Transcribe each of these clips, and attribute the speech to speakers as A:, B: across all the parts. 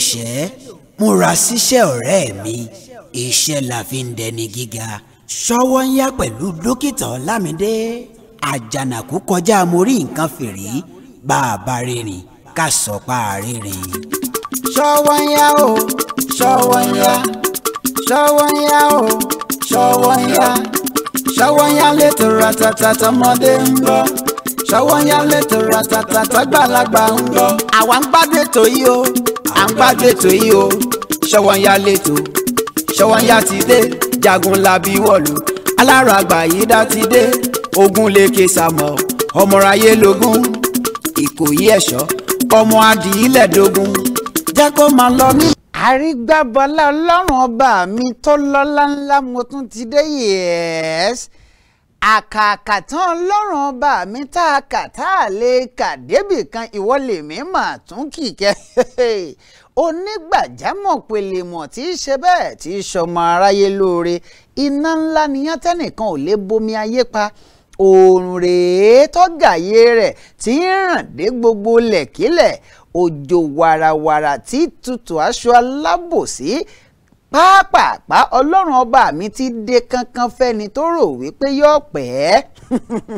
A: iṣẹ́ múra síṣẹ́ ọ̀rẹ́ mi iṣẹ́ la fi ń dẹni gíga ṣọwọ́ ń yá pẹ̀lú dókítà ọlámídé àjànàkú kọjá mo rí nǹkan fìrí bá a bá rìnrìn ká sọ pa àrìnrìn. ṣọwọ́ ń yá o ṣọwọ́ ń yá ṣọwọ́ ń yá o ṣọwọ́ ń yá ṣọwọ́ ń yá létò ratata tọmọdé ń lọ ṣọwọ́ ń yá létò ratata tọgbàlagbà ń lọ àwa ń gbádùn ètò yìí o à ń gbádùn ètò yìí o Ṣówónyá lẹ́tọ̀ Ṣówónyá ti dé Jagunlabi wọ̀lú alára àgbàyídá ti dé Ògúnléké Sàámọ̀ ọmọráyé lógún Ìkòyí ẹ̀ṣọ́ ọmọ adìyílẹ̀ dógún jẹ́ kó máa lọ ní. àrígbábọ́lá ọlọ́run ọba mi tó lọ́lá ńlá mo tún ti dé yẹ́ẹ́sì àkàkà tán lọ́rùn ọba mi tá a kà tá a lè kà débì kan ìwọ lèmi mà tún kìkẹ́ onígbàjámọ̀ pèlèmọ̀ tí í ṣe bẹ́ẹ̀ tí í ṣọmọ aráyé lóore iná ńlá niyán tẹ́nìkan ò lè bomi ayé pa oòrùn rèé tọ́gàyé rẹ̀ tí ń ràn dé gbogbo lẹ̀kílẹ̀ òjò wàràwàrà tí tutù aṣọ alábòsí pápápá ọlọ́run ọba mi ti dé kankan fẹ́ni tó rò wípé yóò pẹ́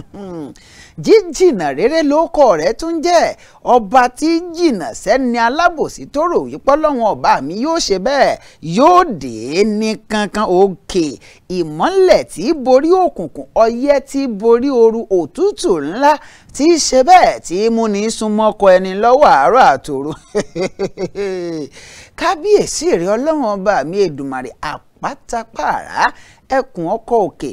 A: jíjìnà rere ló kọ rẹ̀ tún jẹ́ ọba tí jìnà sẹ́ni alábòsí tó rò wípé ọlọ́run ọba mi yóò ṣe bẹ́ẹ̀ yóò dé ní kankan òkè ìmọ́lẹ̀ tí borí òkùnkùn ọyẹ́ tí borí ooru òtútù ńlá tí ṣe bẹ́ẹ̀ tí múni súnmọ́kọ ẹni lọ́wọ́ àárọ̀ àtòru kábíyèsí èrè ọlọ́run ọba mi èdùmàrè àpátápàrà ẹkùn ọkọ òkè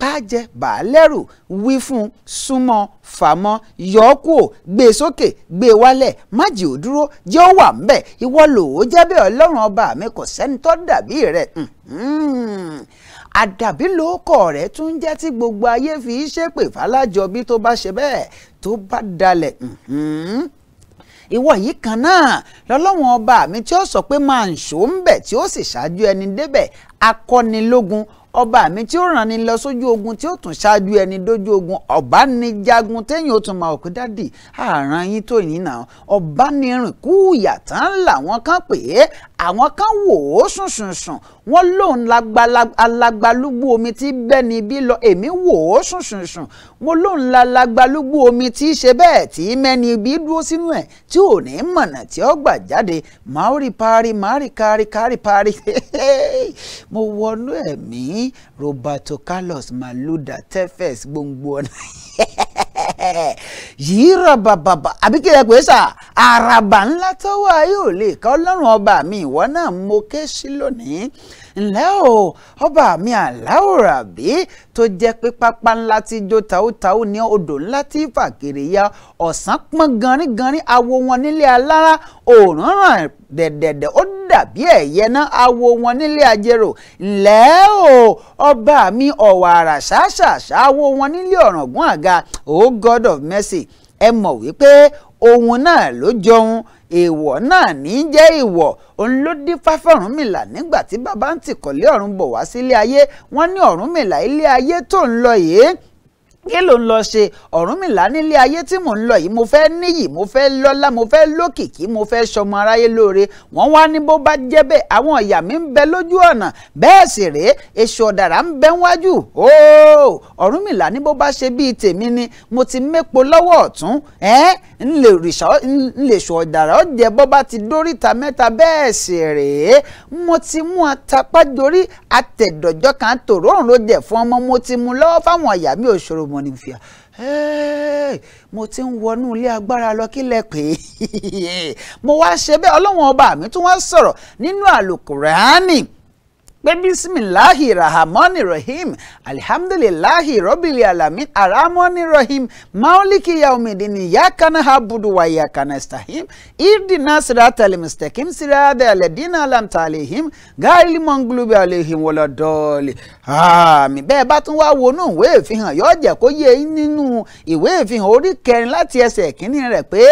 A: pàjẹ́ bàálẹ́rù wí fún súnmọ́ fàmọ́ yọ ọ́ kúò gbé e sókè gbé e wálẹ̀ má jì ó dúró jẹ́ ó wà ńbẹ̀ ìwọ lò ó jẹ́ bẹ́ẹ̀ ọlọ́run ọba mi kò sẹ́ni tó dàbí rẹ̀ àdàbí lóókọ̀ rẹ̀ tún jẹ́ tí gbogbo ayé fi í ṣépè fàlájọbí tó bá ṣe bẹ́ẹ̀ tó bá dalẹ̀ ìwọ yìí kan náà lọ́lọ́wọ́n ọba mi tí ó sọ pé máa ń ṣó ń bẹ̀ tí ó sì ṣáájú ẹni débẹ̀ akọ́nilógun ọba mi tí ó ràn ní lọ sójú ogun tí ó tún ṣáájú ẹni dójú ogun ọ̀bánijagun téyìn ó tún máa òkú dádì àràn yín tó yín náà ọ̀bánirìn kú ìyàtàn làwọn kan pè é àwọn kan wò ó sùnsùnsùn wọ́n lòun alagbalúgbú omi tí bẹ́ẹ̀ ni bí lọ èmi wò ó sùnsùnsùn wọ́n lòun alagbalúgbú omi tí ṣe bẹ́ẹ̀ tí mẹ́ni bí dúró sínú ẹ̀ tí ò ní mọ̀nà tí ó gbà jáde máórì parí máórì kárí kárí parí mo wọnú ẹ̀mí Roberto Carlos Maluda tefes gbòǹgbò ọ̀nà yìí rọ̀bà bàbà àbí kí ẹ pè é sà àràbà ńlá tọ́wọ́ ayé ò lè ká ọlọ́run ọba mi ìwọ náà mo ké sí lónìí ǹlẹ́ o ọba mi àláòrà bí tó jẹ́ pé pápá ńlá ti jó taútaú ní odò ńlá tí fàkèrè ya ọ̀sán pọ́n ganrin ganrin awo wọn nílé alára òórùn ràn dẹ̀dẹ̀dẹ̀ ó d dàbí ẹ̀yẹ náà awo wọn nílé ajérò ńlẹ́ o ọba mi ọ̀wàrà ṣáṣàṣà awo wọn nílé ọ̀ràngún àga o God of mercy ẹ mọ̀ wípé òun náà ló jọun èèwọ̀ náà ní jẹ́ èèwọ̀ òun ló dífá fọ́rúnmìlà nígbà tí bàbá ń tìkọ̀lé ọ̀run bọ̀ wá sílé ayé wọ́n ní ọ̀rúnmìlà ilé ayé tó ń lọ yìí kí ló ń lọ ṣe Ọ̀rúnmìlà nílé ayé tí mò ń lọ yìí mo fẹ́ níyì mo fẹ́ lọ́lá mo fẹ́ lókìkí mo fẹ́ ṣọmọ aráyé lóore wọ́n wá ní bó bá jẹ́ bẹ́ẹ̀ àwọn ìyà mi ń bẹ lójú ọ̀nà bẹ́ẹ̀ sì rèé èṣù ọ̀dàrà ń bẹ wájú ooo Ọ̀rúnmìlà ní bó bá ṣe bíi tèmi ni mo ti mépo lọ́wọ́ ọ̀tún ẹ́n ń lè rìṣà ń ọ̀dàrà ó bó bá ti dóríta mẹ́ta bẹ́ẹ̀ sì rèé ọmọ ni mo fi à mo ti ń wọnú ilé agbára lọ kí lẹ pè mo wá ṣe bẹ́ẹ̀ ọlọ́wọ́n ọba mi tún wá sọ̀rọ̀ nínú àlùkùránì pé bisimilahi rahamani rahim alihamdulilahi rọ́bìlì alamin aramani rahim maoliki yaumidini yakana habudu wa yakana istahim irdina sirata alimustakim sirata aladina alamta alihim gaali mongulubi alihim wọlọdọọli àmín bẹ́ẹ̀ bá tún wá wọnú ìwé ìfihàn yóò jẹ́ kó yé nínú ìwé ìfihàn orí kẹrin láti ẹsẹ̀ kínní rẹ̀ pé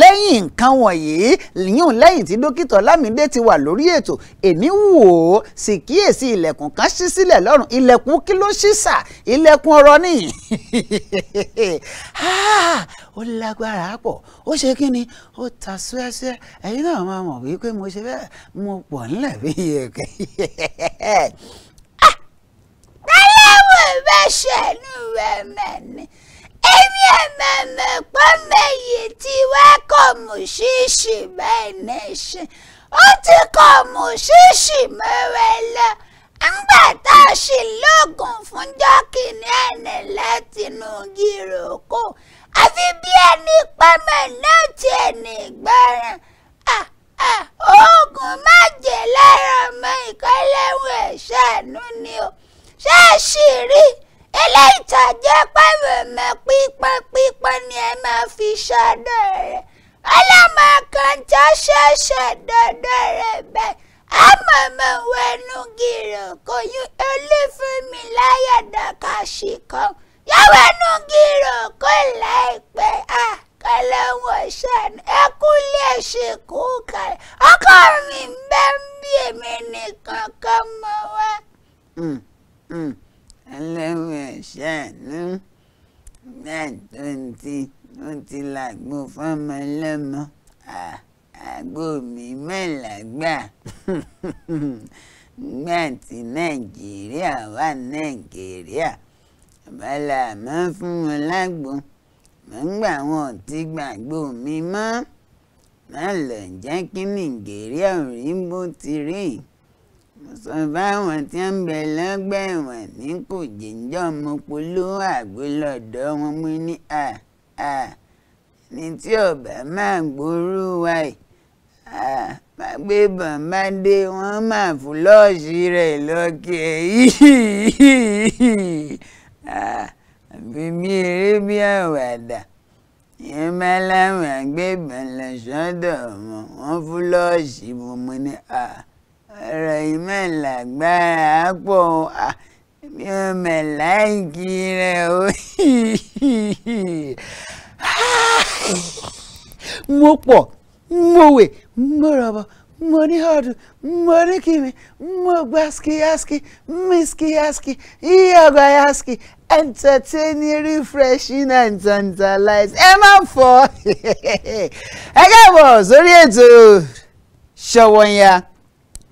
A: lẹ́yìn nǹkan wọ̀nyí yún lẹ́yìn tí dókítà Ọlámídé ti wà lórí ètò èmi wò ó sì kíyèsí ilẹ̀kùn kan ṣí sílẹ̀ lọ́rùn ilẹ̀kùn kí ló ṣí sà ilẹ̀kùn ọ̀rọ̀ nìyí ah, ó lágbára pọ̀ ó ṣe kí ni ó ta ṣúẹ́ṣúẹ́ ẹ̀yin náà máa mọ̀ wípé mo ṣe bẹ́ẹ̀ mo pọ̀ ńlẹ̀ bí ẹ̀kẹ́
B: báyẹ̀wò ah! bá ṣẹ̀nu rẹ̀ mẹ́ni èmi ẹ̀mẹ̀mẹ̀ pọ́nmẹ́yì tí wákọ̀ mú ṣíṣì bẹ́ẹ̀ ní ṣe ó ti kọ mùṣíṣì mẹ́rẹ̀ẹ́lẹ́ ńgbà tá a ṣì lóògùn fúnjọ́ kìíní ẹ̀nì látinú gíròkó àfi bí ẹni pẹ́mẹ́ náà ti ẹ̀nì gbẹ́rẹ́ oògùn má jẹ́ lára ọmọ ìkọ́lẹ́wọ̀n ẹ̀ṣánú ni o ṣáàṣì rí ilé ìtàjẹ́ pẹ̀rẹ̀mẹ̀ pípọ́n pípọ́n ni ẹ máa fi ṣàdọ̀ rẹ̀. Olama kancha sheshe dederebe. Amama wenu giro koyu elifu milaya dakashiko. Ya wenu giro kolaipe ah kọlọ́wọ́ ṣàánú ẹkúlẹ̀ ṣèkú kalẹ̀ ọkọ mi ń bẹ ń bí èmi nìkan kan mọ wá.
A: ẹlẹ́wọ̀n ṣàánú náà tó ń ti wọ́n ti làgbo fọ́mọ lọ́mọ àgbo mi mẹ́la gbà gbà tí nàìjíríà wà nàìjíríà bàlá mọ́ fún wọn lágbo mọ́ gbà wọn ti gbàgbó mi mọ́ má lọ jẹ́ kí nàìjíríà ò rí bó ti rí mo sọ fáwọn tí ń bẹ lọ́gbà ẹ̀wọ̀n ní kò jíjọ́ mo polówó àgbo lọ́dọ̀ wọn mú ní à. Ah ní tí ọ̀bẹ máa ń gbòòrò wa yìí má gbé bọ̀n má dé wọ́n máa fúlọ́ọ̀ṣì rẹ̀ lọ́kẹ́ yìí àbí bí eré bí àwàdà ìyẹn máa láwọn àgbébọn lọ sọ́dọ̀ wọn wọ́n fúlọ́ọ̀ṣì bùnmọ́ ni ọ̀rọ̀ yìí máa lágbára pọ̀ me like rẹ o mo pọ̀ mo wè mo rọ̀bọ̀ mo ní ọdún mo ní kìmí mo gba skiyaski mi skiyaski iye ọgbà yaski entertaining refreshing and tantalize ẹ má fọ ẹ káàbọ̀ sórí ètò Ṣọ̀wọ́nyá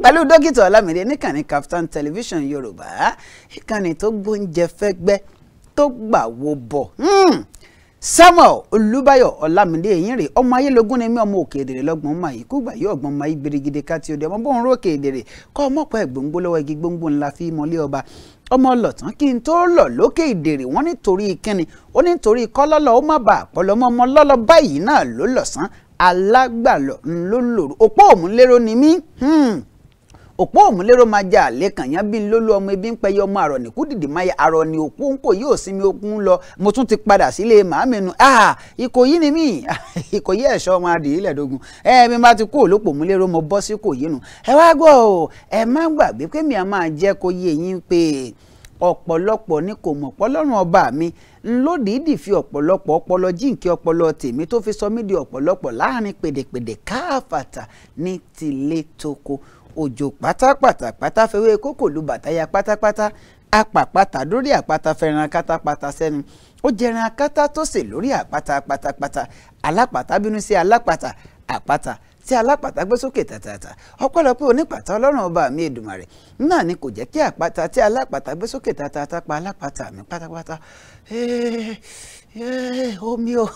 A: pẹ̀lú dókítà Ọlámídé níkànnì Kaftan television Yorùbá ìkànnì tó gbóúnjẹ fẹ́gbẹ́ tó gbà wo bọ̀ hmm. Samuel Olúbáyọ̀ Ọlámídé ẹ̀yìn rẹ̀ ọmọ ayélogún ni mí ọmọ òkè èdèrè lọ́gbọ̀n máa yìí kúgbà yóò gbọ́n máa yí gbèrègidè káti òde ọmọ bóun rókè èdèrè kọ́ ọmọpọ̀ ẹ̀gbóngbó lọ́wọ́ igi gbóngbó ńlá fi mọ́lé ọba ọmọ ọlọ́tàn kí n tó lọ lókè ìdèrè wọn nítorí kínni ó nítorí kọ́lọ́lọ́ ó má bàa pọ̀lọ́mọ́ ọmọ lọ́lọ́ báyìí òpó òmùlérò máa jà lẹ́kàn yẹn bí lólú ọmọ ebi ń pẹyẹ ọmọ àrọ̀ nìkú dìdì máa àrọ̀ ni òkú ń kò yí ò sinmi okun lọ mo tún ti padà sílé màámi nu ah Ìkòyí ni mí Ìkòyí ẹ̀ṣọ́ ọmọ adìyí lẹ́ẹ̀dógún ẹ mi bá ti kú òlópò òmùlérò mo bọ́ sí Ìkòyí nu ẹ wá gbọ́ o ẹ má gbàgbé pé mi à máa jẹ́ kó yé yín pé ọ̀pọ̀lọpọ̀ ni kò mọ̀ pọ́lọ́run ọba mi ńlódìídì fi ọ̀pọ̀lọpọ̀ ọpọlọ jíǹkí ọpọlọ tèmi tó fi sọ mí di ọ̀pọ̀lọpọ̀ láàrin pèdèpèdè káàfàtà ní tilé òjò pátápátá pátáfẹ́wé kókò lu bàtáyà pátápátá apàpàtà lórí àpáta fẹ́ràn kátàpátá sẹ́nu ó jẹran akátá tó sè lórí àpáta pátápátá alápàtà bínú sí alápàtà àpáta tí alápàtà gbé sókè tàtàtà ọpẹ́lọpẹ́ onípàtà ọlọ́run ọba mi èdùmàrè náà ni kò jẹ́ kí àpáta tí alápàtà gbé sókè tàtàtà pa alápàtà mi pátápátá omi o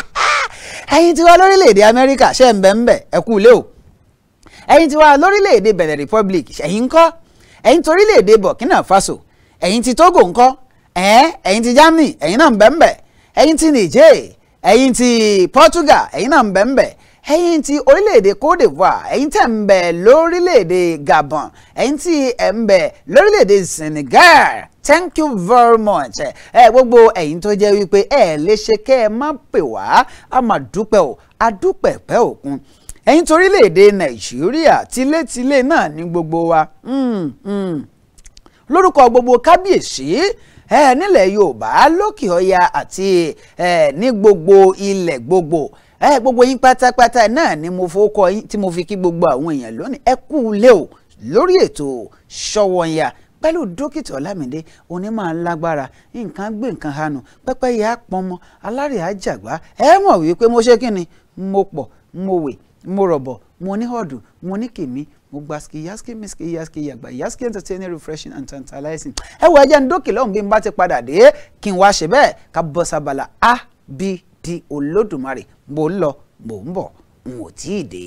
A: ẹ̀yin tiwa lórílẹ̀‐èdè amẹ́ríkà ṣe ń bẹ̀ ń bẹ̀ ẹ kú ilé o. ẹ̀yin ti wá lórílẹ̀‐èdè Benin Republic ẹ̀yin ńkọ́ ẹ̀yin torílẹ̀‐èdè Burkina Faso ẹ̀yin ti Togo ńkọ́ ẹ̀ẹ́ ẹ̀yin ti Germany ẹ̀yin náà ń bẹ ńbẹ̀ ẹ̀yin ti Niger ẹ̀yin ti Portugal ẹ̀yin náà ń bẹ ńbẹ̀ ẹ̀yin ti orílẹ̀-èdè Côte d'Ivoire ẹ̀yin tẹ̀ ń bẹ lórílẹ̀-èdè Gabon ẹ̀yin tí ẹ̀ ń bẹ lórílẹ̀-èdè Senegal thank you very much ẹ gbogbo ẹ̀yin tó jẹ́ wípé ẹ lè ṣe kẹ́ ẹ má pè wá a máa dúpẹ́ o a dúpẹ́ pẹ́ òkun ẹ̀yin torílẹ̀-èdè nàìjíríà tilétilé náà ní gbogbo wa hmm, hmm. lórúkọ gbogbo kábíyèsí nílẹ̀ yorùbá lókè ọya àti ní gbogbo ilẹ̀ gbogbo gbogbo yín pátápátá náà ni mo fọkọ tí mo fi kí gbogbo àwọn èèyàn lónìí ẹ kú ilé o lórí ètò Ṣọ́wọ́nyá pẹ̀lú dókítà ọlámídé onímọ̀ alágbára nǹkan gbé nǹkan hànú pẹ́pẹ́yẹ àpọ̀nmọ́ alárìá àjàgbá ẹ mọ̀ wípé mo ṣe kí ni mo pọ̀ mo wè mo rọ̀bọ̀ mo ní ọ̀dù mo ní kìmí mo gba ski yaski miski yaski yagba yaski entertaining refreshing and tantalizing ẹ wọ ẹjẹ ń dókè lọ́hùn bí n bá ti padà dé kí n wá ṣe bẹ́ẹ̀ ká bọ́ sábàlá a b d olódùmarè mo ń lọ mo ń bọ̀ n ò tí ì dé.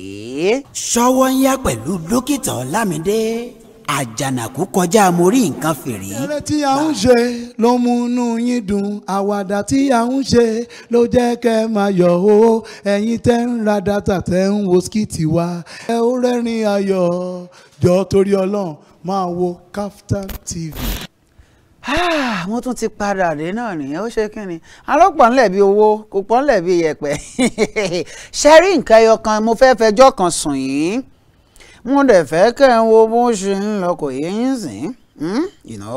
A: ṣọwọ́ ń yá pẹ̀lú dókítà Ọlámidé àjànàkú kọjá mo rí nǹkan
C: fèrè.
B: eré tí a ń ṣe ló mú inú yín dùn àwàdà tí a ń ṣe
A: ló jẹ́ kẹ́ máa yọ̀ o ẹ̀yin tẹ́ ń ra dátà tẹ́ ń wo skìtì wa ẹ ó rẹ́rìn ayọ̀ jọ torí ọlọ́run máa wo Kaftan TV. wọ́n ah, tún ti padà dé náà nìyẹn ó ṣe kí ni arọ́pọ̀ ńlẹ̀ bíi owó kò pọ̀ ńlẹ̀ bíi yẹ̀pẹ̀ ṣẹ́rí nǹkan ẹyọ kan mo fẹ́ fẹjọ́ kan sùn yìí wọ́n dẹ̀ fẹ́ kẹ́ ń wo bó ṣe ń lọ kò yé yín sìn ìná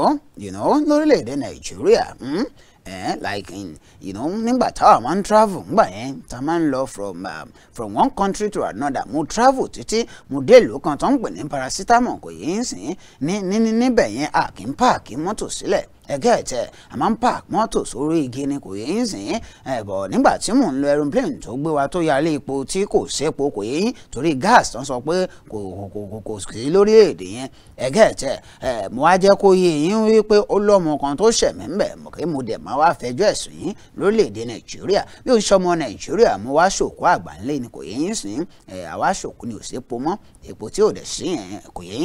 A: ìná lórílẹ̀ nàìjíríà hmm? eh, like in you know nígbà táwa máa ń travel ngbà yẹn tá máa ń lọ from um, from one country to another mo travel títí mo dé ìlú kan tó ń pè ní paracetamol kò yé ń sìn ní ní níbẹ̀ yẹn a kì í páàkì mọ́tò sílẹ̀ ẹ̀kẹ́ẹ̀tẹ̀ àmọ́ ń park mọ́tò sórí igi ni kò yé yín sìn ẹ̀bọ̀ nígbà tí mò ń lo aeroplane tó gbé wa tó yálé epo tí kò sépo kò yé torí gas tán sọ pé kò kò kò kò sí lórílẹ̀‐èdè yẹn ẹ̀kẹ́ẹ̀tẹ̀ ẹ̀ mo wá jẹ́ kó yé yín wípé ó lọ́mọ kan tó ṣẹ̀mí ń bẹ̀ mọ̀ kí mo dẹ̀ máa wá fẹjọ́ ẹ̀sùn yín lórílẹ̀‐èdè nàìjíríà bí ó ń ṣọmọ nàìjíríà mo wá ṣòkó àgbà ni kò yé sìn ẹ̀ àwa ṣòkó ni ò sépo mọ́ epo tí ò dẹ̀ sí yẹn kò yé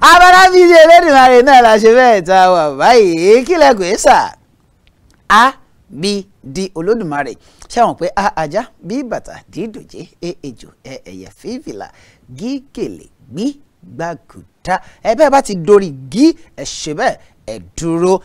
A: abárábí ilé Elédùmarè náà la ṣe bẹ́ẹ̀ tá a wà báyìí kílẹ̀ kò é sà á bí di Olódùmarè ṣáwọn pé a ajá bí bàtà dídòjé e ejò ẹ e, ẹyẹ fífìlà gígèlè gbí gbàgùdà ẹ bẹ́ẹ̀ bá ti dorí gí ẹ ṣe bẹ́ẹ̀ ẹ dúró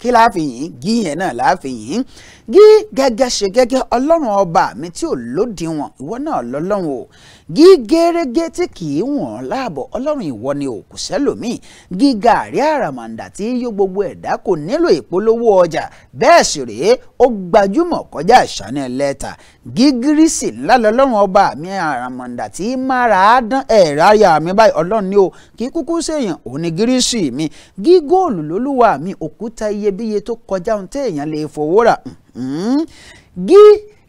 A: kí la fi yìn gí yẹn náà la fi yìn gí gẹ́gẹ́ ṣe gẹ́gẹ́ ọlọ́run ọba mi tí ò lódiwọ̀n ìwọ náà lọ́lọ́run o gígérégé tí kì í wọ̀n láàbọ̀ ọlọ́run ìwọ ni òkú sẹ́lòmíì gíga àrí àràmàǹdà tí yóò gbogbo ẹ̀dá kò nílò ìpolówó ọjà bẹ́ẹ̀ sì rèé ó gbajúmọ̀ kọjá ìṣáná ẹlẹ́ta gígírísì ńlá lọ́lọ́run ọba mi àràmàǹdà tí mára dán ẹ̀rọ ayà mi báyìí ọlọ́run ni o kì kúkú séèyàn òun ni gírísì mi gígóòlù lólúwa mi òkúta iyebíye tó kọjá ohun téèyàn lè fowó rà gí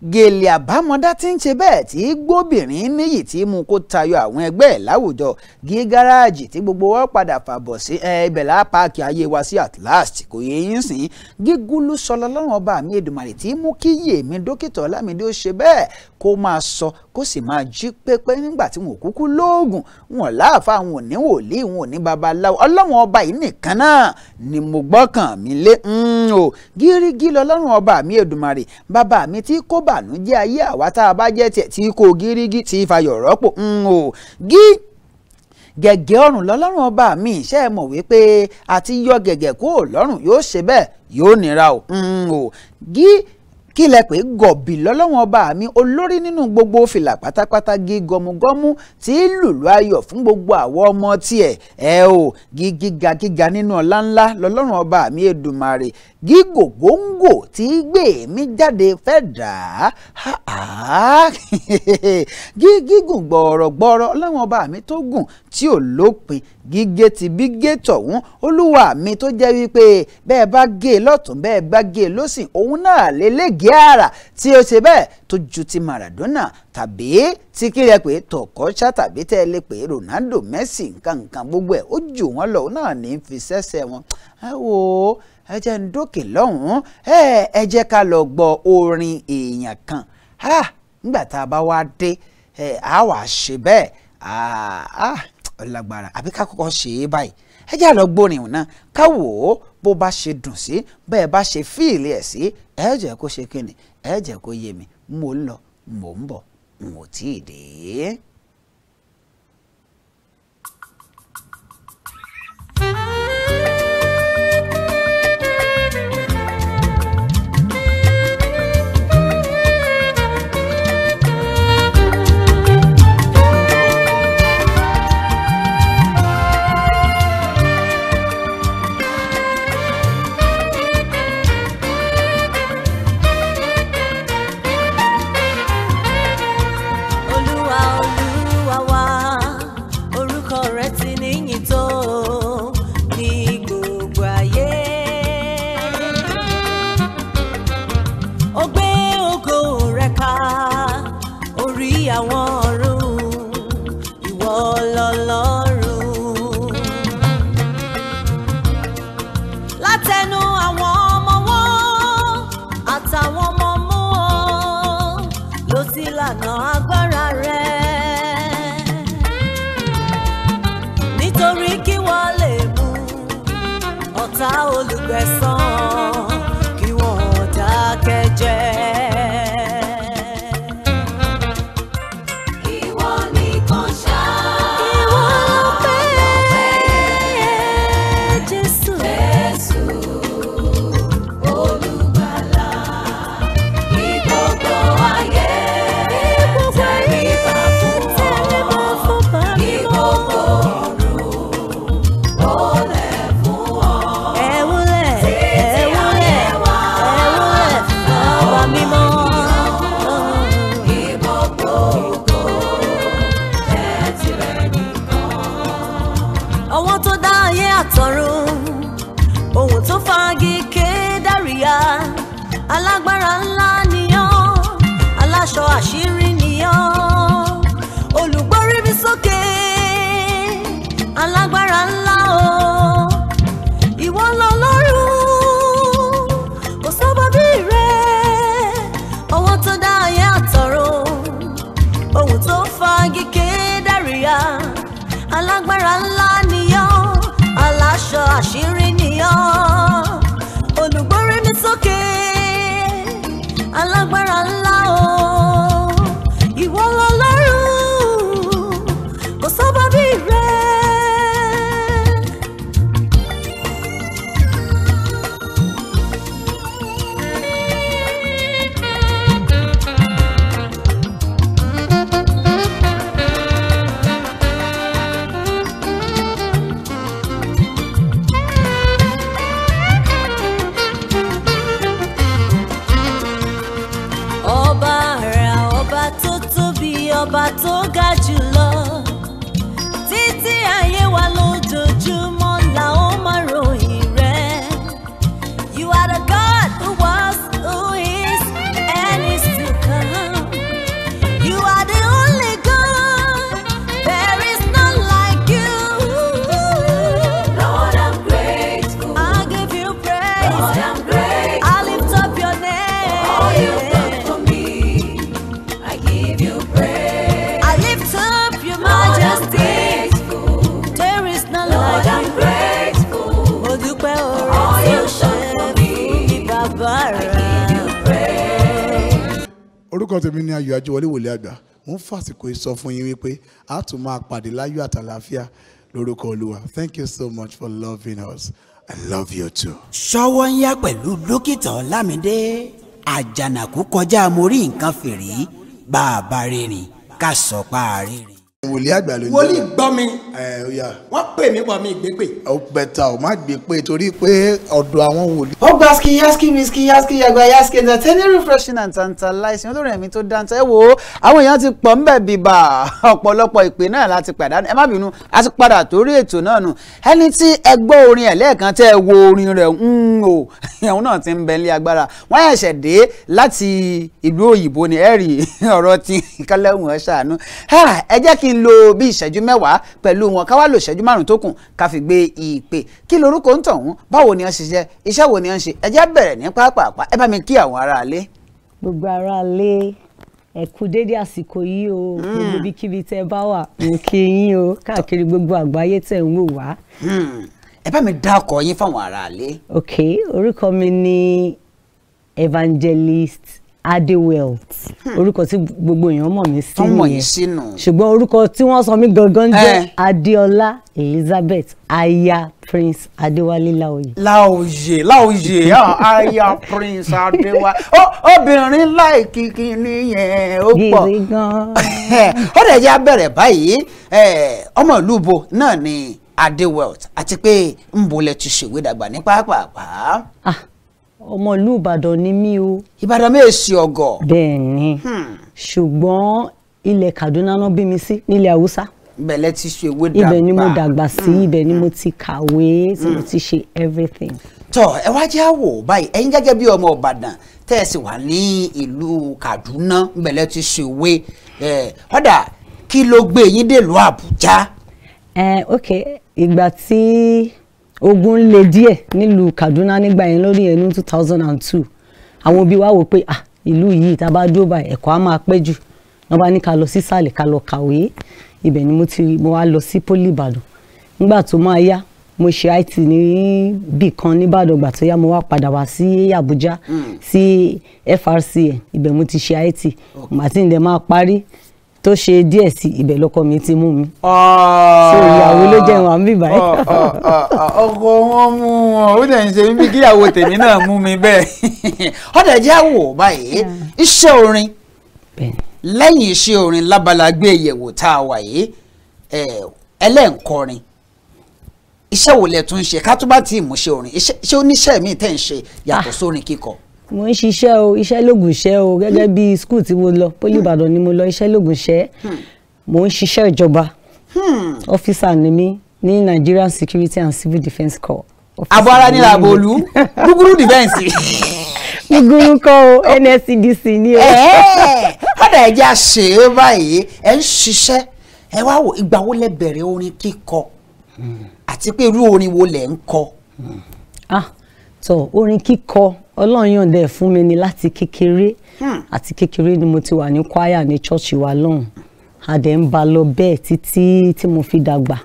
A: gèlè àbámọ̀dá tí ń ṣe bẹ́ẹ̀ tí gbóbìnrin níyì tí mú kó tayọ àwọn ẹgbẹ́ ẹ̀ láwùjọ gí gáràjì tí gbogbo wọn padà fàbọ̀ sí ibẹ̀ lá páàkì ayé wa sí at last kò yẹ yín sìn gígúlú sọlọ lọ́rùn ọba mi Èdùmàrè tí mú kí yèmí dókítà Ọlámídé ó ṣe bẹ́ẹ̀ kó máa sọ kó sì máa jí pépé nígbà tí wọn ò kúkú lóògùn wọn láàfa wọn ò ní wòlíì wọn ò ní babaláwo ọlọ́run ọba yìí nìkan náà ni mo gbọ́kàn mi lé o gírígí lọ́lọ́run ọba mi Èdùmàrè bàbá mi tí kó bànújẹ́ ayé àwa tá a bá jẹ́ tiẹ̀ tí kò gírígí tí fayọ̀ rọ́pò ń mm, o gí gẹ̀gẹ́ ọ̀run lọ́lọ́run ọba mi ṣe é mọ̀ wípé àti yọ gẹ̀gẹ́ kó o lọ́rùn yóò ṣe bẹ́ẹ̀ yóò nira o ń mm, o gí kí ilẹ̀ pé gọ̀bì lọ́lọ́wọ́n ọba mi olórí nínú gbogbo fìlà pátápátá gí gọmugọmu tí lùlù ayọ̀ fún gbogbo àwọn ọmọ tiẹ̀ ẹ o gíga gíga nínú ọlá ńlá lọ́lọ́run ọba mi Èdùmàrè gígò góńgò tí gbé mi jáde fẹ́ dà á gígùn gbọ̀rọ̀gbọ̀rọ̀ ọlọ́run ọba mi tó gùn tí ò lópin gígé ti bí gé tọ̀hún olúwa mi tó jẹ́ wípé bẹ́ẹ̀ bá gé lọ́tún bẹ́ẹ̀ bá gé lọ́sìn òun náà lélẹ́gẹ̀ẹ́ kíára tí o ṣe bẹ́ẹ̀ tó ju ti Maradona tàbí tí kí lẹ pé tọkọ́ṣá tàbí tẹ́ ẹ lè pé Ronaldo Messi nkankan gbogbo ẹ̀ ó jù wọ́n lọ náà ní fi sẹ́sẹ̀ wọn ẹ wò ó ẹ jẹ́ ń dókè lọ́hùn-ún ẹ jẹ́ ká lọ gbọ́ orin èèyàn kan nígbà tá a bá wá dé a wàá ṣe bẹ́ẹ̀ ọlágbára àbí ká kọ́kọ́ ṣe é báyìí ẹ jẹ́ àlọ́ gbórin ọ̀nà ká wò ó bó bá ṣe dùn sí bẹ́ẹ̀ bá ṣe fíìlì ẹ̀ sí ẹ jẹ́ kó ṣe kíni ẹ jẹ́ kó yé mi mo ń lọ mo ń bọ̀ n ò tí dé.
C: thank you
D: àtọ̀run ohun tó fagi kédàríyá alágbára ńlá nìyàn aláṣọ àṣírí nìyàn olùgbórí mi sókè alágbára ńlá o ìwọ lọ lọ́rùn kò sábà bí rẹ ọwọ́ tó dá ayé àtọ̀run ohun tó fagi kédàríyá alágbára ńlá aṣọ àṣírí nìyàn olùgbórí mi sókè alágbára ńlá o. ń
A: fàsìkò ìsọfún wípé a tún máa pàdé láyọ̀ àtàlàáfíà lórúkọ olúwa thank you so much for loving us i love you too. ṣọwọ́ ń yá pẹ̀lú dókítà ọlámídé àjànàkú kọjá mo nǹkan fìrí bá a ká sọ pa àárín. wòlíì àgbà ló ń jẹ́ wòlíì gbọ́ mi ẹ eh, ó yà. wọ́n pè mí bọ̀ mi gbé pè. ó bẹ̀tà ó má gbé pè torí pé ọ̀dọ̀ àwọn wòlíì. ó gba ski yaski whisky yaski yagba yaski entertaining refreshing and tantalizing olórin ẹ̀mí tó dáńtà ẹ wo àwọn èèyàn ti pọ̀ ńbẹ̀ bíbà ọ̀pọ̀lọpọ̀ ìpè náà láti pàdánù ẹ má bínú a ti padà torí ètò náà nù ẹni tí ẹ gbọ́ orin ẹ̀ lẹ́ẹ̀kan tẹ́ ẹ wo orin rẹ̀ ń o ẹ̀hún náà ti ń bẹ ní agbára wọ́n ẹ̀ṣẹ̀ dé láti ìlú òyìnbó ni ẹ rí ọ̀rọ̀ ti kálẹ̀ ń ṣàánú ẹ jẹ́ kí n lo bí ìṣẹ́jú mẹ́wàá pẹ̀lú pẹ̀lú wọn ká wá lò ṣẹ́jú márùn tó kù ká fi gbé ìpè kí lorúkọ ń tọ̀hún báwo ni wọ́n ṣe jẹ́ iṣẹ́ wo ni wọ́n ṣe ẹ jẹ́ bẹ̀rẹ̀ ní pápápá ẹ bá mi kí àwọn aráalé.
E: gbogbo aráalé ẹ kú dédé àsìkò yìí o mm. gbogbo tẹ bá wà mo kí yín o káàkiri gbogbo àgbáyé tẹ ń wò wá.
A: Mm. ẹ bá mi dá ọkọ yín fáwọn aráalé.
E: ok orúkọ mi ni evangelist Adewelt hmm. orúkọ tí gbogbo èèyàn mọ̀ mí sí nìyẹn ṣùgbọ́n orúkọ tí wọ́n sọ mí gangan jẹ́ eh. Adeola Elizabeth aya Prince Adéwálé Láòyè. Láòyè Láòyè ah, aya Prince Adéwálé
A: obìnrin láìkìkì nìyẹn ó pọ̀ ó dẹ̀ já bẹ̀rẹ̀ báyìí eh, ọmọ ìlú bo náà ni Adéwelt àti pé ń bolẹ̀ ti ṣèwé dàgbà ní pápá. Ah,
E: ọmọ ìlú ìbàdàn ni mí o. ìbàdàn mi èsì ọgọ. bẹ́ẹ̀ ni hmm. ṣùgbọ́n ilẹ̀ kaduna náà bí mi sí nílẹ̀ haúsá. bẹ̀lẹ̀ ti ṣe ewé dàgbà ibẹ̀ ni mo dàgbà sí hmm. ibẹ̀ ni mo ti kàwé tí mo hmm. ti ṣe everything.
A: tọ ẹ wá jẹ́ àwò báyìí ẹ̀yin gẹ́gẹ́ bí ọmọ ìbàdàn tẹ́ ẹ sì wà ní ìlú kaduna bẹ̀lẹ̀ ti ṣe ewé ọ̀dà kí ló gbé yín dèlú àbújá.
E: ẹ ok ìgbà tí ogun le díẹ̀ nílùú Kaduna nígbà yẹn lórí ẹ̀ ní two thousand and two àwọn òbí wa wò pé ah ìlú yìí tá a bá dúró báyìí ẹ̀kọ́ á máa pẹ́ jù wọ́n bá ní ká lọ sísàlẹ̀ ká lọ kàwé ibẹ̀ ni mo ti mo wá lọ sí poli Ìbàdàn nígbà tó máa yá mo ṣe IT níbì kan nìbàdàn gbà tó yá mo wá padà wá sí Àbújá hmm. sí FRCN ibẹ̀ mo ti ṣe IT màtí ǹdẹ̀ máa parí tó ṣe díẹ̀ sí ibẹ̀ lọ́kọ mi ti mú mi. ṣé ìyàwó ló jẹ́ wọn àbí báyìí. Ah, ah,
A: ah, ọkọ wọn mú wọn ó dẹ̀ ń ṣe bí kíyàwó tèmi náà mú mi bẹ́ẹ̀ ọ̀dẹ̀ jẹ́ àwò báyìí iṣẹ́ orin lẹ́yìn iṣẹ́ orin lábala gbé yẹ̀wò tá a wà yìí ẹlẹ́ǹkọrin iṣẹ́ wo lẹ tún ṣe ká tó bá ti mú ṣe orin ṣé oníṣẹ́ mi tẹ̀ ń ṣe yàtọ̀ sórin kíkọ
E: mo ń ṣiṣẹ́ o iṣẹ́ lògùn iṣẹ́ o gẹ́gẹ́ bí skul tí mo lọ poli ìbàdàn ni mo lọ iṣẹ́ lògùn iṣẹ́ mo ń ṣiṣẹ́ ìjọba ọ́físà ni mí ní Nigerian Security and Civil Defence Corps. àbọ̀ ara nílà àbòlú
C: gúgúrú defence.
E: gúgúrú kọ́ o NSCDC ni o. ọ̀dà ẹ̀jẹ̀ àṣẹ báyìí
A: ẹ̀ ń ṣiṣẹ́ ẹ wá wò ìgbà wo lẹ bẹ̀rẹ̀ orin kíkọ hmm. àti pé irú orin wo lẹ ń kọ. Hmm.
E: ah tó orin kíkọ ọlọ́run yàn dẹ̀ fún mi ni láti kékeré hmm. àti kékeré ni mo ti wà ní kwaya ní ṣọ́ọ̀ṣì wa lọ́hùn àdẹ̀ ń ba lọ bẹ́ẹ̀ títí tí mo fi dàgbà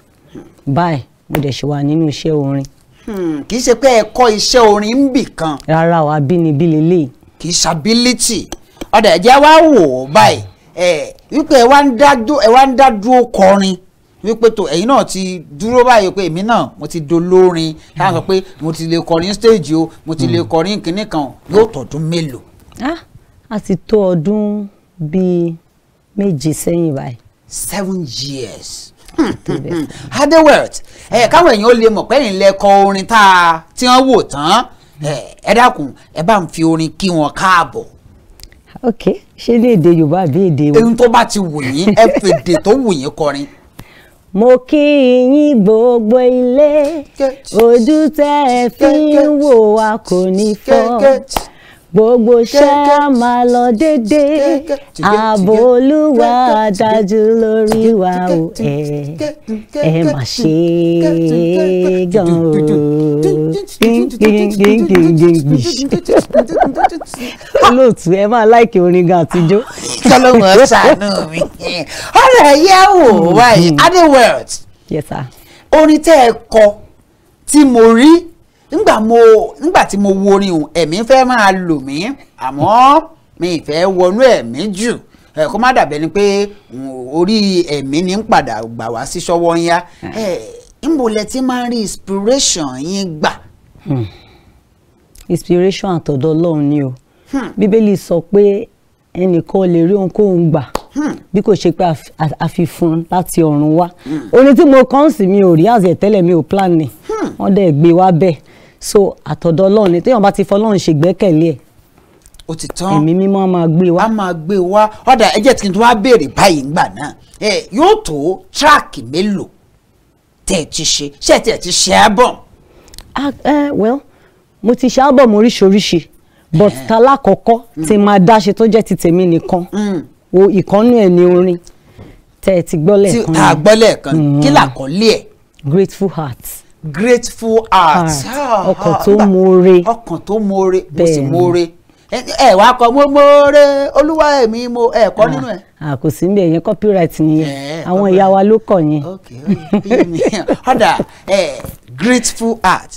E: báyìí mo dẹ̀ ṣe wà nínú iṣẹ́ orin. Hmm, kì í
A: ṣe pé ẹ kọ́ iṣẹ́ orin ń bì kan.
E: rárá o abínibí lélẹ̀.
A: kì í ṣàbílítì ọ̀dà ẹ̀jẹ̀ wá wò ó báyìí ẹ̀ wípé ẹ wá ń dá dúró kọrin wípé tó ẹ̀yin náà ti dúró báyìí pé èmi náà mo ti dolórin táwọn sọ pé mo ti lè kọrin stage o mo ti lè hmm. kọrin kínní kan yóò tọdún mélòó.
E: Ah, a ti tó ọdún bíi méje sẹ́yìn báyìí.
A: seven years
E: Adewealth ẹ káwọn èèyàn ó lè mọ̀
A: pé ẹ̀yin lẹ kọ orin tá a tí wọ́n wò tán hmm. ẹ dákun ẹ bá ń fi orin kí
E: wọn káàbọ̀ ok ṣé ní èdè yorùbá àbí èdè wo. ohun tó bá ti wù yín ẹ fèdè tó wù yín kọrin mo kí yín gbogbo ilé ojú tẹ́ ẹ fi ń wò wá kò ní fọ́ gbogbo ṣẹ́ a máa lọ dédé ààbò olúwa dájú lórí wa o ẹ ẹ mà ṣe gan o olóòtú ẹ máa láìkí orin gan àtijọ́. tọ́lọ́mọ ṣàánú mi ọ̀rọ̀ ẹ̀ yẹ̀ wò wáyé mm-hmm. adéwẹ̀t orin tẹ́ ẹ kọ
A: tí mo rí nígbà mo nígbà tí mo wo orin òun ẹ̀mí fẹ́ máa lò mí àmọ́ mi ìfẹ́ wọnú ẹ̀mí jù ẹ kó má dàbẹ́ ni pé orí ẹ̀mí ní ń padà gbà wá sí ṣọwọ́ yá hmm. ẹ níbo ti máa ń inspiration yín gbà.
E: Hmm. inspiration àtọ̀dọ̀ ọlọ́run ni o hmm. bíbélì sọ pé ẹnìkan lè rí ohunkóhun gbà bí kò ṣe pé a láti ọ̀run wá orin tí mo kàn sí mi ò rí àzẹ̀tẹ́lẹ̀ mi ò plan ni wọ́n dẹ̀ gbé wá bẹ́ẹ̀ so àtọ̀dọ̀ ọlọ́run ni téèyàn bá ti fọlọ́run ṣe gbẹ́kẹ̀lé ẹ̀
A: ó ti tán ẹ̀mí mímọ́ a máa gbé wa. a máa gbé wa ọ̀dà ẹ jẹ́ n tó wá béèrè báyìí ńgbà náà ẹ yóò tó tíráàkì mélòó tẹ̀ ti ṣe ṣé tẹ̀ ti ṣe
E: album. ah well mo ti ṣe album oríṣiríṣi but talákọ̀ọ́kọ́ mm. ti máa dáṣe tó jẹ́ ti tèmi nìkan mm. wo ìkọ́nú ẹ̀ ní orin tẹ̀ ẹ ti gbọ́ lẹ́ẹ̀kan. tí a gbọ́ lẹ́ẹ̀kan mm. kí
A: làkọ́lé ẹ̀.
E: grateful heart
A: grateful heart ọkàn tó mọ̀ọ́re ọkàn tó mọ̀ọ́re mo sì mọ̀ọ́re ẹ wá kọ mo mọ̀ọ́re olúwa èmi mo ẹ kọ ah, nínú ẹ.
E: kò sí níbẹ̀ yẹn copyright nìyẹn àwọn ìyá wa ló kọ yẹn.
A: ọ̀dà grateful heart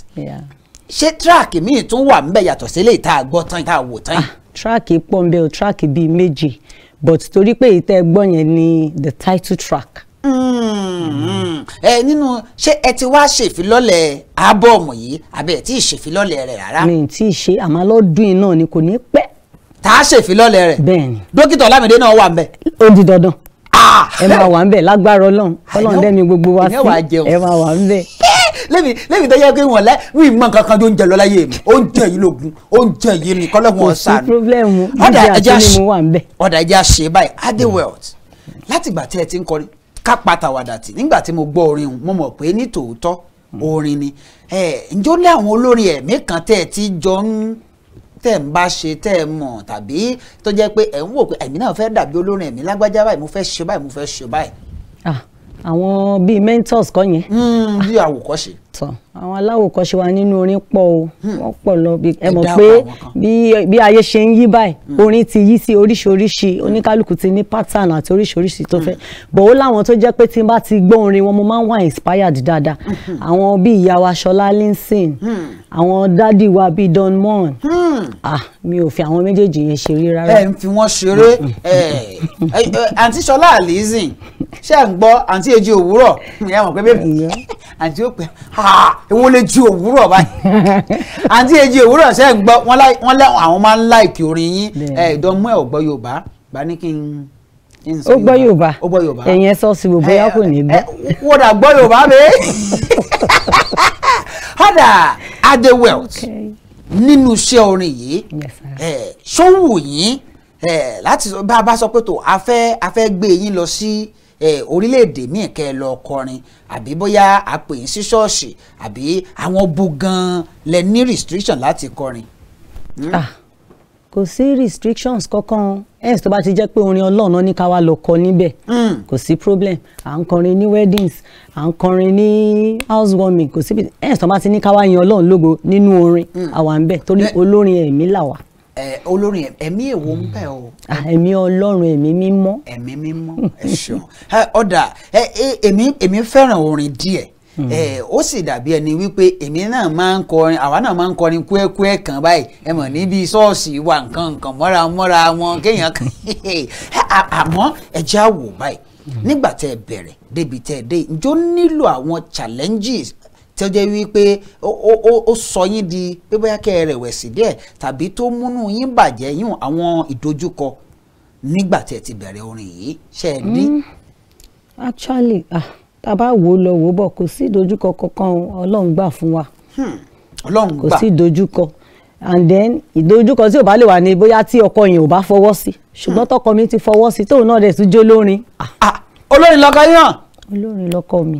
A: ṣé tíráàkì míì tún wà ńbẹ̀ yàtọ̀ sílé ìta gbọ́ tán ìta wò
E: tán. Ah, tíráàkì pọ̀ ńbẹ̀ o tíráàkì bíi méjì but torí pé ìtẹ́ gbọ́ yẹn ni the title track
A: ẹ mm-hmm. eh, nínú ṣé ẹ ti wá ṣèfilọ́lẹ̀ ábọ̀mù yìí àbí ẹ tí ì ṣèfilọ́lẹ̀ rẹ̀ rárá.
E: mi tí ì ṣe àmọ́ lọ́dún yìí ni kò ní pẹ́. tá a ṣèfilọ́lẹ̀ rẹ̀. bẹ́ẹ̀ni. dókítà Ọlámídé náà wà ń bẹ̀. ó di dandan ah! ẹ máa wà ń bẹ̀ lágbára Ọlọ́run Ọlọ́run dẹmi gbogbo wa sí ẹ máa wà ń bẹ̀. lẹ́mi
A: lẹ́mi tó yẹ kí wọ́n lẹ́ wí mọ nǹkan kan tó ń jẹ lọ láyé mi oúnjẹ yìí lógun oúnjẹ yìí ni kọ́lọ́hún ọ̀sán. kò sí
E: pírọ́blẹ́mù oúnjẹ àti mímu
A: ọ̀dà ẹja ṣe báyìí adéwẹ̀t látìgbà tẹ́ ẹ ti ń kọrin kápá tàwàdà tì nígbà tí mo gbọ́ orin òun mo mọ̀ pé ní tòótọ́ hmm. orin ni ǹjẹ́ ó lé àwọn olórin ẹ̀mí kan tẹ́ ẹ ti jọ ń tẹ́ ń bá ṣe tẹ́ ẹ mọ̀ tàbí tó jẹ́ pé ẹ̀ ń wò pé ẹ̀mí náà fẹ́ dàbí olórin ẹ̀mí lágbájá báyìí mo fẹ́ ṣe báyìí mo fẹ́ ṣe báyìí.
E: Ah, àwọn bíi mentors kọ́ yẹn. Hmm, bí àwòkọ́ṣe tán àwọn aláwòkọ́ṣe wa nínú orin pọ̀ o hmm. wọ́n pọ̀ lọ ẹ mọ̀ pé bí ayé ṣe ń yí báyìí hmm. orin ti yí sí oríṣiríṣi hmm. oníkálukú ti ní pattern àti oríṣiríṣi tó fẹ́ bọ̀ láwọn tó jẹ́ pé tí n bá ti gbọ́ orin wọn mo máa ń wà inspired dáadáa àwọn bíi ìyá Ṣọlá Linson àwọn dádì wa bíi Don Mon ah mi ò fi àwọn méjèèjì yẹn ṣeré rárá. ẹ ń
A: fi wọn ṣeré àǹtí Ṣọlá Linson ṣe ń gbọ́ àǹtí Èjì Òwúrọ̀ ẹ mọ̀ pé bébí àǹtí ó pè èwo lè ju òwúrọ̀ báyìí àǹtí èjì òwúrọ̀ ṣe ń gbọ́ wọ́n lẹ́wọ̀n àwọn máa ń láìkì orin yín ìdánmú ẹ̀ ọ̀gbọ́ yorùbá bá ní kí n ó gbọ́ yorùbá ó gbọ́ yorùbá ẹ̀yin
E: ẹ sọ sí gbogbo yà kò ní gbọ́.
A: wọ́n dà gbọ́ yorùbá mi hada adewelt nínú iṣẹ́ orin yìí ṣó wù yín láti bá a bá sọ pé tó a fẹ́ gbé yín lọ sí. Si, orílẹ̀-èdè míì kẹ́ ẹ lọ kọrin àbí bóyá àpè yín sí ṣọ́ọ̀ṣì àbí àwọn bu gan-an lẹ ní restriction láti kọrin. Hmm? Ah,
E: kò sí restrictions kankan ẹ̀sìn tó bá ti jẹ́ pé orin ọlọ́run ní ká lọ kọ níbẹ̀ hmm. kò sí problem à ń kọrin ní weddings à ń kọrin ní housewarming kò síbi ẹ̀sìn tó bá ti ní ká wá yin ọlọ́run lógo nínú orin àwa ń bẹ̀ torí eh. olórin ẹ̀mí là
A: olórin ẹ̀mí ewu ń bẹ o.
E: emi mm. ah, ọlọ́run ẹ̀mí mímọ́. ẹ̀mí mímọ́ ẹ ṣeun
A: ọ̀dà èmi fẹ́ràn orin díẹ̀ mm. ó sì dàbí ẹni wípé èmi náà máa ń kọrin àwa náà máa ń kọrin kúẹ́kúẹ́ kan báyìí ẹ wa nǹkan nǹkan mọ́ra mọ́ra wọn kéèyàn kan àmọ́ ẹ wò báyìí mm. nígbà tẹ́ bẹ̀rẹ̀ débi tẹ́ dé tí jẹ́ wípé ó sọ yín di pé bóyá kẹ́ ẹ rẹ̀wẹ̀sì díẹ̀ tàbí tó múnú yín bàjẹ́ yún àwọn ìdojúkọ nígbà tí ẹ ti bẹ̀rẹ̀ orin yìí ṣe é ní. Mm.
E: actually ah tá a bá wò ó lọ wò ó bọ̀ kò sí ìdojúkọ kankan ọlọ́run gbà fún wa hmm, kò sí ìdojúkọ and then ìdojúkọ tí ò bá lè wà ní bóyá tí ọkọ yẹn ò bá fọwọ́ sí ṣùgbọ́n hmm. tọkọ mi ti fọwọ́ sí tóun náà dẹ̀ tún jó lórin. Ah, ah,
A: olórin lọkọ yín hàn. olórin
E: lọkọ mi.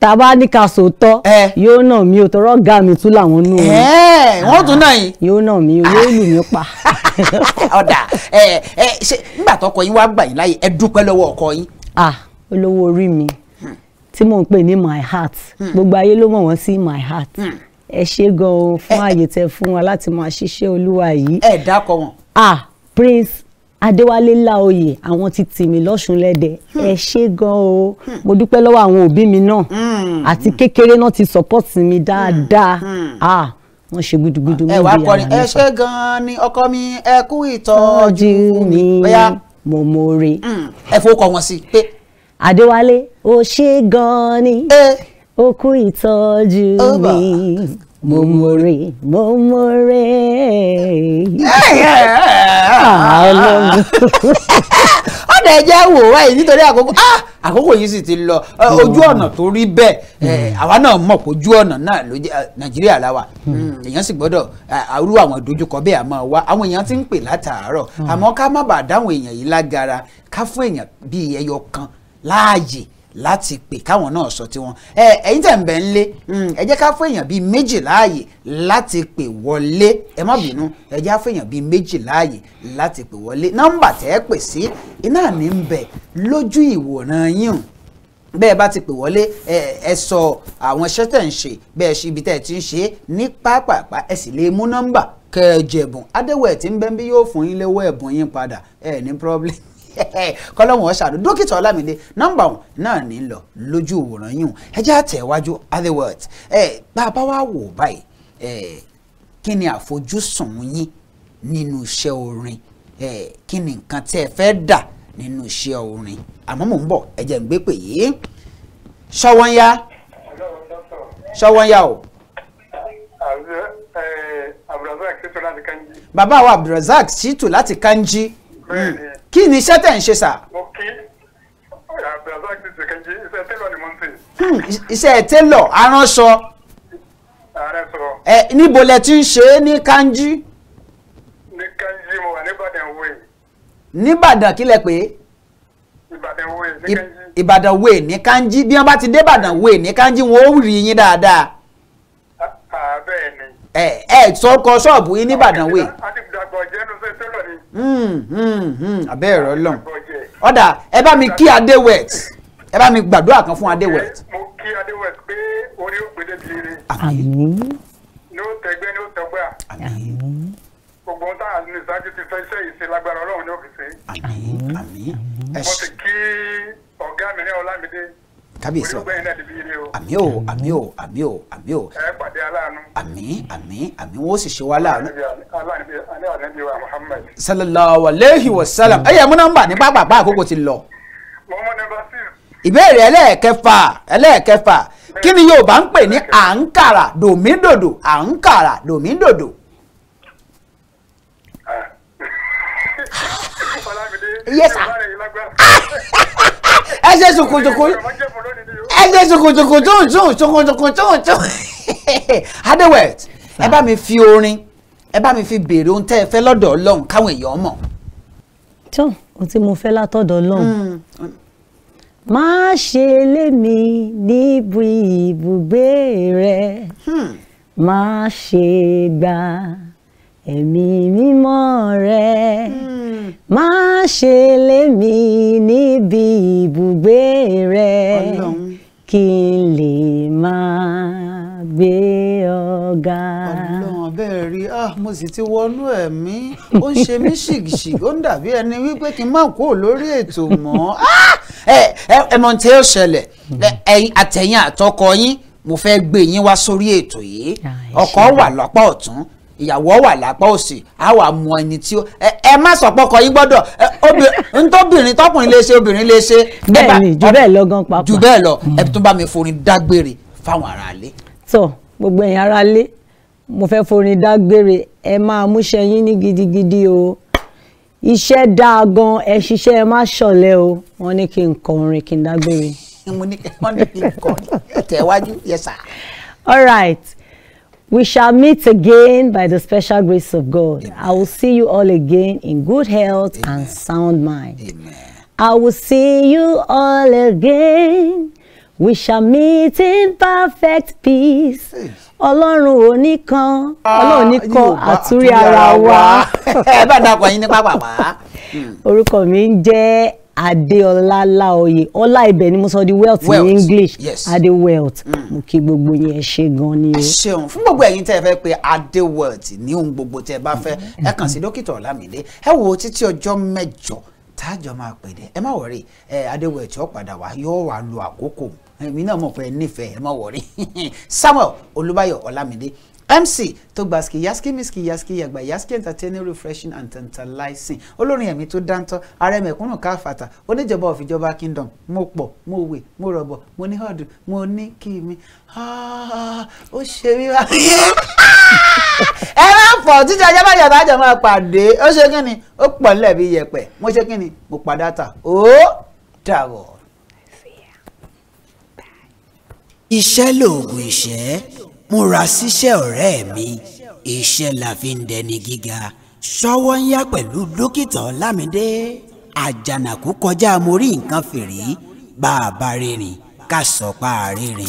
E: tá a bá ní ká sòótọ́ yóò nà mí o tọrọ ọ̀gá mi tún làwọn nù ú. wọ́n tún náà yìí. yóò nà mí o yóò lù mí pa. ọ̀dà ẹ ẹ ṣe nígbà
A: tọkọ yín wá gbà yín láyè ẹ dúpẹ́ lọ́wọ́ ọkọ yín.
E: ah olówó orí mi tí mò ń pè ní my heart hmm. gbogbo ayé ló mọ̀ wọ́n sí my heart hmm. ẹ ṣe gan-an fún àyè tẹ fún wa láti máa ṣiṣẹ́ olúwa yìí. ẹ dákọ̀ wọn. ah prince adéwálé láòyè àwọn ti tì mí lọ́sùn lẹ́dẹ̀ hmm. ẹ ṣé gan o hmm. mo dúpẹ́ lọ́wọ́ àwọn òbí mi náà hmm. àti kékeré náà ti support mi dáadáa ah wọ́n ṣe gudugudu mú ibi àwọn ẹ̀fọ́. ẹ ṣé gan ni ọkọ mi ẹ kú ìtọ́jú mi mo mórè.
A: ẹ fowókọ wọn sí pé.
E: adéwálé o ṣé gan ni eh. o kú ìtọ́jú mi mo more mo more
A: ọ̀nà ẹ̀jẹ̀ wò wáyé nítorí àkókò ah, àkókò yìí sì ti lọ hmm. ojú ọ̀nà tó rí bẹ́ẹ̀ hmm. àwa náà mọ̀ pé ojú ọ̀nà náà ló jẹ́ nàìjíríà láwà hmm. èèyàn sì gbọ́dọ̀ àrú àwọn ìdojúkọ bẹ́ẹ̀ àmọ́ wa àwọn èèyàn ti ń pè látàárọ̀ àmọ́ ká má bàa dáhùn èèyàn yìí lágara ká fún èèyàn bíi ẹyọ kan láàyè láti pè káwọn náà sọ tiwọn ẹ ẹ̀yin tẹ̀ ń bẹ̀ ń lé mm, ẹ jẹ́ ká fún èèyàn bíi méjì láàyè láti pè wọlé ẹ má bínú ẹ jẹ́ ká fún èèyàn bíi méjì láàyè láti pè wọlé nọ́mbà tẹ́ ẹ pè sí iná ní ń bẹ lójú ìwòran yín bẹ́ẹ̀ bá ti pè wọlé ẹ sọ àwọn iṣẹ́ tẹ̀ ń ṣe bẹ́ẹ̀ ṣe ibi tẹ́ ti ń ṣe ní pápápá ẹ sì lè mú nọ́mbà kẹjẹ̀bùn adéwọ̀ ẹ̀ tí ń bẹ́ẹ̀ bí yóò fún yín lówó ẹ̀bùn yín padà ẹ ní problem. kọ́lọ́wọ́n ṣàánú dókítà ọlámídé nọ́mbà wọn náà ní lọ lójú òwòrán yìí ẹ jẹ́ àtẹ̀wájú otherworld ẹ bá a bá wá wò báyìí ẹ kí ni àfojúsùn yín nínú iṣẹ́ orin ẹ kí ni nǹkan tẹ́ ẹ fẹ́ dà nínú iṣẹ́ orin àmọ́ mò ń bọ̀ ẹ ń gbé pè yìí ṣọwọ́nyá ṣọwọ́nyá o. bàbá wa abdulrasaq ṣìtù láti kanji kí ni iṣẹ́ tẹ̀ ń ṣe sà. mo kí abdulrasaq ti ṣèkejì iṣẹ́ télọ̀ ni mo ń ṣe. Hmm, iṣẹ́ télọ̀ aránṣọ. aránṣọ. ẹ níbo lẹ ti ń ṣe é ní kanji.
B: ní kanji mo wà nìbàdàn wẹ̀.
A: nìbàdàn kí lẹ pé.
B: ìbàdàn wẹ̀ ní
A: kanji. ìbàdàn wẹ̀ ní kanji bí wọ́n bá ti dé ìbàdàn wẹ̀ ní kanji wọn ò rí yín dáadáa. bẹ́ẹ̀ ni. ẹ ẹ sọkọ ṣọ́ọ̀bù yín nìbàdàn wẹ̀. àti àbọ̀jẹ́ ló fẹ́ tọ́lọ̀ ni. Hmm, hmm, hmm. abẹ́ ẹ̀rọ lọ ọ̀dà ẹ bá mi kí adé wet ẹ bá mi gbàdúrà kan fún adé wet. mo kí adé wet pé
C: orí ó gbé débi ire. àmín. ní ó
B: tẹgbẹ́ ní ó tẹgbẹ́ à. àmín. gbogbo ohun táwọn
C: àti nìsájú ti fẹ́ iṣẹ́ ìṣe lágbára ọlọ́run ní òfìsè. àmín mo ti kí ọ̀gá mi ní ọlámídé kábíyèsí wa
A: àmì o àmì o àmì o àmì o àmì àmì àmì wọn ó sì ṣe wá láàánú. sallallahu alayhi wa sallam ẹ̀yẹ̀ mú nọ́mbà ní pápá àkókò ti lọ. ìbéèrè ẹlẹ́ẹ̀kẹfà ẹlẹ́ẹ̀kẹfà kí ni Yorùbá ń pè ní àǹkàrà dòmídòdò àǹkàrà dòmídòdò. Ah. yes sir. ẹ ṣe ṣòkòtòkò ẹ ṣe ṣòkòtòkò tó ń tún ṣòkòtòkò tó ń tún adéwẹ̀t ẹ bá mi fi orin ẹ bá mi fi béèrè ohun tẹ́ ẹ fẹ́ lọ́dọ̀ ọlọ́run káwọn èèyàn mọ̀.
E: tó o tí mo fẹ́ látọ̀dọ̀ ọlọ́run hmm. má ṣe lémi níbi ibùgbé rẹ hmm. má ṣe gba ẹ̀mí mímọ́ rẹ. Hmm má ṣe lé mi níbi ibùgbé rẹ kí n lè máa gbé ọ̀gá. ọlọ́run bẹ́ẹ̀
A: rí ah mo sì ti wọnú ẹ̀mí ó ń ṣe mí ṣìgìṣìgì ó ń dàbí ẹni wípé kí n má kúrò lórí ètò mọ́ ah! ẹ mọ̀ tí ó ṣẹlẹ̀ ẹ̀yin àtẹ̀yìn àtọkọ yín mo fẹ́ gbé yín wá sórí ètò yìí ọkọ wà lọ́pọ̀ ọ̀tún ìyàwó wà lápá òsì á wà mú ẹni tí ó ẹ má sọ pọkọ yín gbọ́dọ̀ ntóbìnrin tọkùnrin lè ṣe obìnrin lè ṣe. bẹ́ẹ̀ni jù bẹ́ẹ̀ lọ gan pàápàá jù bẹ́ẹ̀ lọ ẹ hmm. tún bá mi forin dágbére fáwọn aráalé.
E: tọ gbogbo ẹ̀yin aráalé mo fẹ́ forin dágbére ẹ máa múṣẹ yín ní gidigidi o iṣẹ́ dáa gan ẹ ṣiṣẹ́ ẹ má ṣọ̀lẹ o wọ́n ní kí n kọ kí n dágbére.
A: mo ní kí n kọ tẹ̀wájú yẹ sà.
E: all right We shall meet again by the special grace of God. Amen. I will see you all again in good health Amen. and sound mind. Amen. I will see you all again. We shall meet in perfect peace. Ọlọ́run ò ní kan, ah, Ọlọ́run ní àtúrí ara wa. Ẹ bá dàpọ̀ yín ní pápá wá. Orúkọ mi jẹ́ Adéọlá Láoyè ọlá ibẹ̀ ni mo sọ di wealth in English yes. Adé wealth mm. mo kí gbogbo yín ẹ ṣé gan ni o. ẹ ṣeun
A: fún gbogbo ẹ̀yin tẹ́ ẹ fẹ́ pé Adé wealth ni ohun gbogbo tẹ́ ẹ bá fẹ́ mm. ẹ kàn sí dókítà Ọlámídé ẹ wo títí ọjọ́ mẹ́jọ tájọ máa pèdè ẹ má wọrí ẹ Adé wealth ó padà wá yóò wá lu àkókò èmi náà mọ̀ pé ẹ nífẹ̀ẹ́ ẹ má wọrí Samuel Olúbáyọ̀ Ọlámídé MC tó gba miski yaski yagba yaski entertaining refreshing and tantalizing olórin ẹ̀mí tó dáńtọ́ ààrẹ mẹ̀kúnnù káfàtà oníjọba òfìjọba kingdom mo pọ̀ mo wè mo rọ̀bọ̀ mo ní ọ̀dùn mo ní kí mi
C: ó
A: ṣe mí wá. ẹ máa ń pọ̀ títí ajá bá yàrá àjọ máa pàdé ó ṣe kí ni ó pọ̀ yẹpẹ̀ mo ṣe kí ni mo padà tà ó iṣẹ́ múra síṣẹ́ ọ̀rẹ́ mi iṣẹ́ la fi ń dẹni gíga ṣọwọ́ ń yá pẹ̀lú dókítà Ọlámídé
C: àjànàkú kọjá mo rí nǹkan fìrí bá a bá rìnrìn ká sọ pa àrírìn.